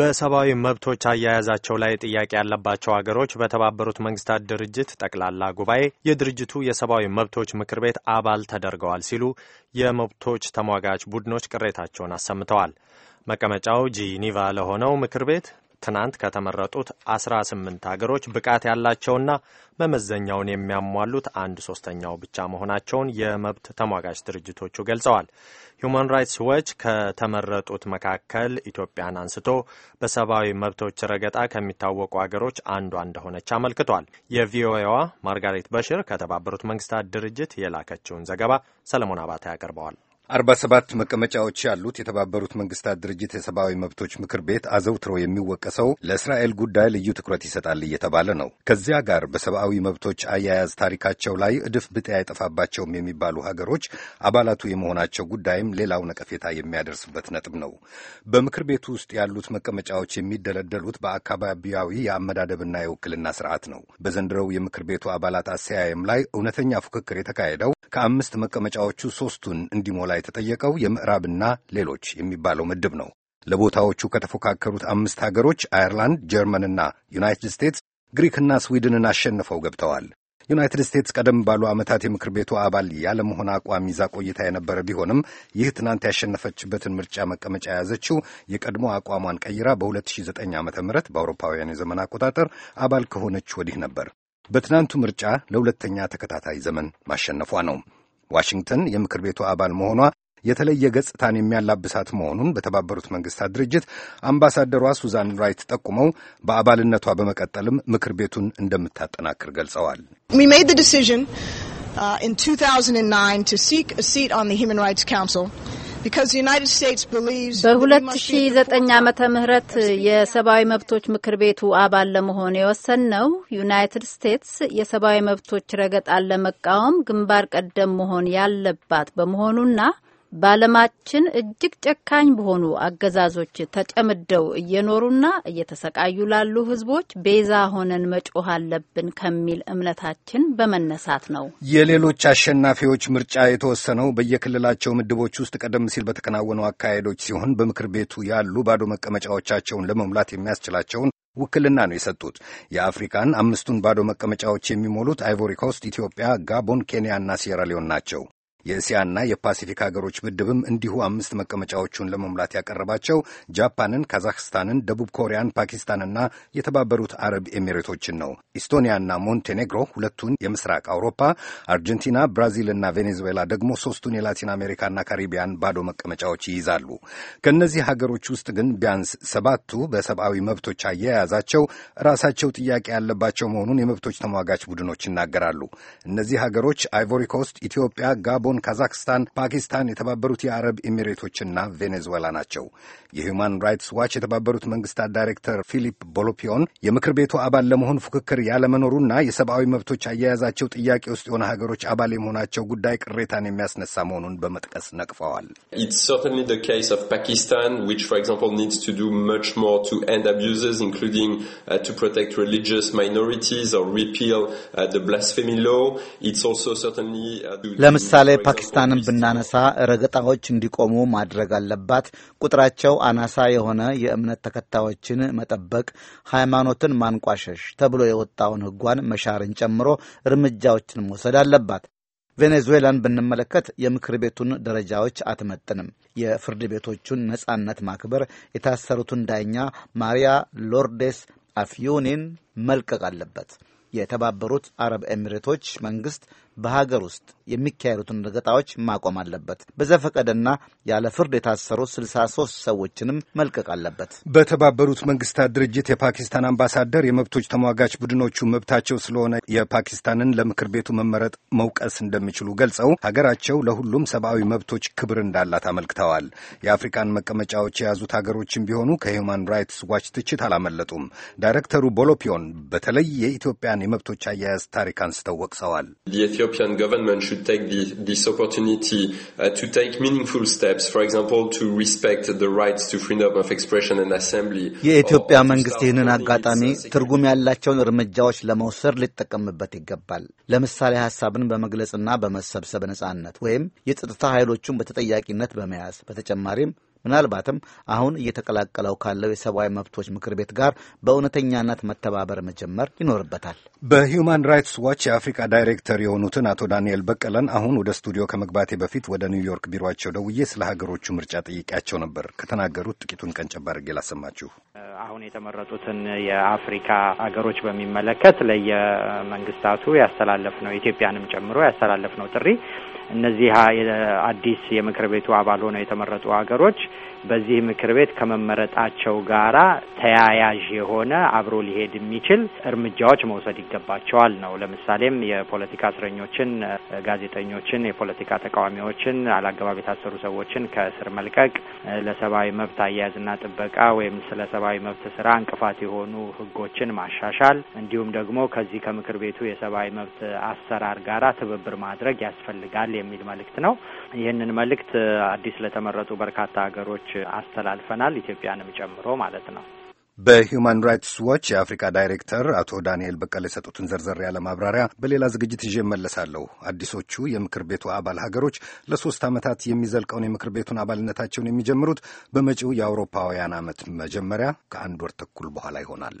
በሰብአዊ መብቶች አያያዛቸው ላይ ጥያቄ ያለባቸው አገሮች በተባበሩት መንግስታት ድርጅት ጠቅላላ ጉባኤ የድርጅቱ የሰብአዊ መብቶች ምክር ቤት አባል ተደርገዋል ሲሉ የመብቶች ተሟጋች ቡድኖች ቅሬታቸውን አሰምተዋል። መቀመጫው ጂኒቫ ለሆነው ምክር ቤት ትናንት ከተመረጡት 18 አገሮች ብቃት ያላቸውና መመዘኛውን የሚያሟሉት አንድ ሶስተኛው ብቻ መሆናቸውን የመብት ተሟጋች ድርጅቶቹ ገልጸዋል። ሁማን ራይትስ ዎች ከተመረጡት መካከል ኢትዮጵያን አንስቶ በሰብአዊ መብቶች ረገጣ ከሚታወቁ አገሮች አንዷ እንደሆነች አመልክቷል። የቪኦኤዋ ማርጋሬት በሽር ከተባበሩት መንግስታት ድርጅት የላከችውን ዘገባ ሰለሞን አባተ ያቀርበዋል። አርባ ሰባት መቀመጫዎች ያሉት የተባበሩት መንግስታት ድርጅት የሰብአዊ መብቶች ምክር ቤት አዘውትሮ የሚወቀሰው ለእስራኤል ጉዳይ ልዩ ትኩረት ይሰጣል እየተባለ ነው። ከዚያ ጋር በሰብአዊ መብቶች አያያዝ ታሪካቸው ላይ እድፍ ብጤ አይጠፋባቸውም የሚባሉ ሀገሮች አባላቱ የመሆናቸው ጉዳይም ሌላው ነቀፌታ የሚያደርስበት ነጥብ ነው። በምክር ቤቱ ውስጥ ያሉት መቀመጫዎች የሚደለደሉት በአካባቢያዊ የአመዳደብና የውክልና ስርዓት ነው። በዘንድሮው የምክር ቤቱ አባላት አሰያየም ላይ እውነተኛ ፉክክር የተካሄደው ከአምስት መቀመጫዎቹ ሦስቱን እንዲሞላ የተጠየቀው የምዕራብና ሌሎች የሚባለው ምድብ ነው። ለቦታዎቹ ከተፎካከሩት አምስት ሀገሮች አየርላንድ፣ ጀርመንና ዩናይትድ ስቴትስ ግሪክና ስዊድንን አሸንፈው ገብተዋል። ዩናይትድ ስቴትስ ቀደም ባሉ ዓመታት የምክር ቤቱ አባል ያለመሆን አቋም ይዛ ቆይታ የነበረ ቢሆንም ይህ ትናንት ያሸነፈችበትን ምርጫ መቀመጫ የያዘችው የቀድሞ አቋሟን ቀይራ በ2009 ዓ ም በአውሮፓውያን የዘመን አቆጣጠር አባል ከሆነች ወዲህ ነበር። በትናንቱ ምርጫ ለሁለተኛ ተከታታይ ዘመን ማሸነፏ ነው። ዋሽንግተን የምክር ቤቱ አባል መሆኗ የተለየ ገጽታን የሚያላብሳት መሆኑን በተባበሩት መንግስታት ድርጅት አምባሳደሯ ሱዛን ራይት ጠቁመው በአባልነቷ በመቀጠልም ምክር ቤቱን እንደምታጠናክር ገልጸዋል። ዲሲዥን ኢን 2009 ቱ ሲክ አ በ2009 ዓመተ ምህረት የሰብአዊ መብቶች ምክር ቤቱ አባል ለመሆን ነው ዩናይትድ ስቴትስ የሰብአዊ መብቶች ረገጣን ለመቃወም ግንባር ቀደም መሆን ያለባት በመሆኑና በዓለማችን እጅግ ጨካኝ በሆኑ አገዛዞች ተጨምደው እየኖሩና እየተሰቃዩ ላሉ ህዝቦች ቤዛ ሆነን መጮህ አለብን ከሚል እምነታችን በመነሳት ነው። የሌሎች አሸናፊዎች ምርጫ የተወሰነው በየክልላቸው ምድቦች ውስጥ ቀደም ሲል በተከናወኑ አካሄዶች ሲሆን በምክር ቤቱ ያሉ ባዶ መቀመጫዎቻቸውን ለመሙላት የሚያስችላቸውን ውክልና ነው የሰጡት። የአፍሪካን አምስቱን ባዶ መቀመጫዎች የሚሞሉት አይቮሪ ኮስት፣ ኢትዮጵያ፣ ጋቦን፣ ኬንያና ሲራሊዮን ናቸው። የእስያና የፓሲፊክ ሀገሮች ምድብም እንዲሁ አምስት መቀመጫዎቹን ለመሙላት ያቀረባቸው ጃፓንን፣ ካዛክስታንን፣ ደቡብ ኮሪያን፣ ፓኪስታንና የተባበሩት አረብ ኤሚሬቶችን ነው። ኢስቶኒያና ሞንቴኔግሮ ሁለቱን የምስራቅ አውሮፓ፣ አርጀንቲና፣ ብራዚልና ቬኔዙዌላ ደግሞ ሶስቱን የላቲን አሜሪካና ካሪቢያን ባዶ መቀመጫዎች ይይዛሉ። ከእነዚህ ሀገሮች ውስጥ ግን ቢያንስ ሰባቱ በሰብአዊ መብቶች አያያዛቸው ራሳቸው ጥያቄ ያለባቸው መሆኑን የመብቶች ተሟጋች ቡድኖች ይናገራሉ። እነዚህ ሀገሮች አይቮሪ ኮስት፣ ኢትዮጵያ፣ ጋቦን ካሜሩን፣ ካዛክስታን፣ ፓኪስታን፣ የተባበሩት የአረብ ኤሚሬቶችና ቬኔዙዌላ ናቸው። የሁማን ራይትስ ዋች የተባበሩት መንግስታት ዳይሬክተር ፊሊፕ ቦሎፒዮን የምክር ቤቱ አባል ለመሆን ፉክክር ያለመኖሩና የሰብአዊ መብቶች አያያዛቸው ጥያቄ ውስጥ የሆነ ሀገሮች አባል የመሆናቸው ጉዳይ ቅሬታን የሚያስነሳ መሆኑን በመጥቀስ ነቅፈዋል። uh, uh, uh, ለምሳሌ ፓኪስታንን ብናነሳ ረገጣዎች እንዲቆሙ ማድረግ አለባት። ቁጥራቸው አናሳ የሆነ የእምነት ተከታዮችን መጠበቅ፣ ሃይማኖትን ማንቋሸሽ ተብሎ የወጣውን ሕጓን መሻርን ጨምሮ እርምጃዎችን መውሰድ አለባት። ቬኔዙዌላን ብንመለከት የምክር ቤቱን ደረጃዎች አትመጥንም። የፍርድ ቤቶቹን ነጻነት ማክበር፣ የታሰሩትን ዳኛ ማሪያ ሎርዴስ አፊዮኔን መልቀቅ አለበት። የተባበሩት አረብ ኤሚሬቶች መንግስት በሀገር ውስጥ የሚካሄዱትን ረገጣዎች ማቆም አለበት። በዘፈቀደና ያለ ፍርድ የታሰሩ 63 ሰዎችንም መልቀቅ አለበት። በተባበሩት መንግስታት ድርጅት የፓኪስታን አምባሳደር የመብቶች ተሟጋች ቡድኖቹ መብታቸው ስለሆነ የፓኪስታንን ለምክር ቤቱ መመረጥ መውቀስ እንደሚችሉ ገልጸው ሀገራቸው ለሁሉም ሰብአዊ መብቶች ክብር እንዳላት አመልክተዋል። የአፍሪካን መቀመጫዎች የያዙት ሀገሮችም ቢሆኑ ከሂውማን ራይትስ ዋች ትችት አላመለጡም። ዳይሬክተሩ ቦሎፒዮን በተለይ የኢትዮጵያን የመብቶች አያያዝ ታሪክ አንስተው ወቅሰዋል። European government should take the, this opportunity uh, to take meaningful steps, for example, to respect the rights to freedom of expression and assembly. የኢትዮጵያ መንግስት ይህንን አጋጣሚ ትርጉም ያላቸውን እርምጃዎች ለመውሰድ ሊጠቀምበት ይገባል። ለምሳሌ ሀሳብን በመግለጽና በመሰብሰብ ነጻነት ወይም የጸጥታ ኃይሎቹን በተጠያቂነት በመያዝ በተጨማሪም ምናልባትም አሁን እየተቀላቀለው ካለው የሰብአዊ መብቶች ምክር ቤት ጋር በእውነተኛነት መተባበር መጀመር ይኖርበታል። በሂውማን ራይትስ ዋች የአፍሪካ ዳይሬክተር የሆኑትን አቶ ዳንኤል በቀለን አሁን ወደ ስቱዲዮ ከመግባቴ በፊት ወደ ኒውዮርክ ቢሮቸው ደውዬ ስለ ሀገሮቹ ምርጫ ጠይቄያቸው ነበር። ከተናገሩት ጥቂቱን ቀንጨብ አድርጌ ላሰማችሁ። አሁን የተመረጡትን የአፍሪካ ሀገሮች በሚመለከት ለየመንግስታቱ ያስተላለፍ ነው ኢትዮጵያንም ጨምሮ ያስተላለፍ ነው ጥሪ እነዚህ አዲስ የምክር ቤቱ አባል ሆነው የተመረጡ ሀገሮች በዚህ ምክር ቤት ከመመረጣቸው ጋራ ተያያዥ የሆነ አብሮ ሊሄድ የሚችል እርምጃዎች መውሰድ ይገባቸዋል ነው። ለምሳሌም የፖለቲካ እስረኞችን፣ ጋዜጠኞችን፣ የፖለቲካ ተቃዋሚዎችን፣ አላግባብ የታሰሩ ሰዎችን ከእስር መልቀቅ፣ ለሰብአዊ መብት አያያዝና ጥበቃ ወይም ስለ ሰብአዊ መብት ስራ እንቅፋት የሆኑ ህጎችን ማሻሻል እንዲሁም ደግሞ ከዚህ ከምክር ቤቱ የሰብአዊ መብት አሰራር ጋራ ትብብር ማድረግ ያስፈልጋል የሚል መልእክት ነው። ይህንን መልእክት አዲስ ለተመረጡ በርካታ ሀገሮች አስተላልፈናል፣ ኢትዮጵያንም ጨምሮ ማለት ነው። በሂውማን ራይትስ ዎች የአፍሪካ ዳይሬክተር አቶ ዳንኤል በቀለ የሰጡትን ዘርዘር ያለ ማብራሪያ በሌላ ዝግጅት ይዤ እመለሳለሁ። አዲሶቹ የምክር ቤቱ አባል ሀገሮች ለሶስት ዓመታት የሚዘልቀውን የምክር ቤቱን አባልነታቸውን የሚጀምሩት በመጪው የአውሮፓውያን ዓመት መጀመሪያ ከአንድ ወር ተኩል በኋላ ይሆናል።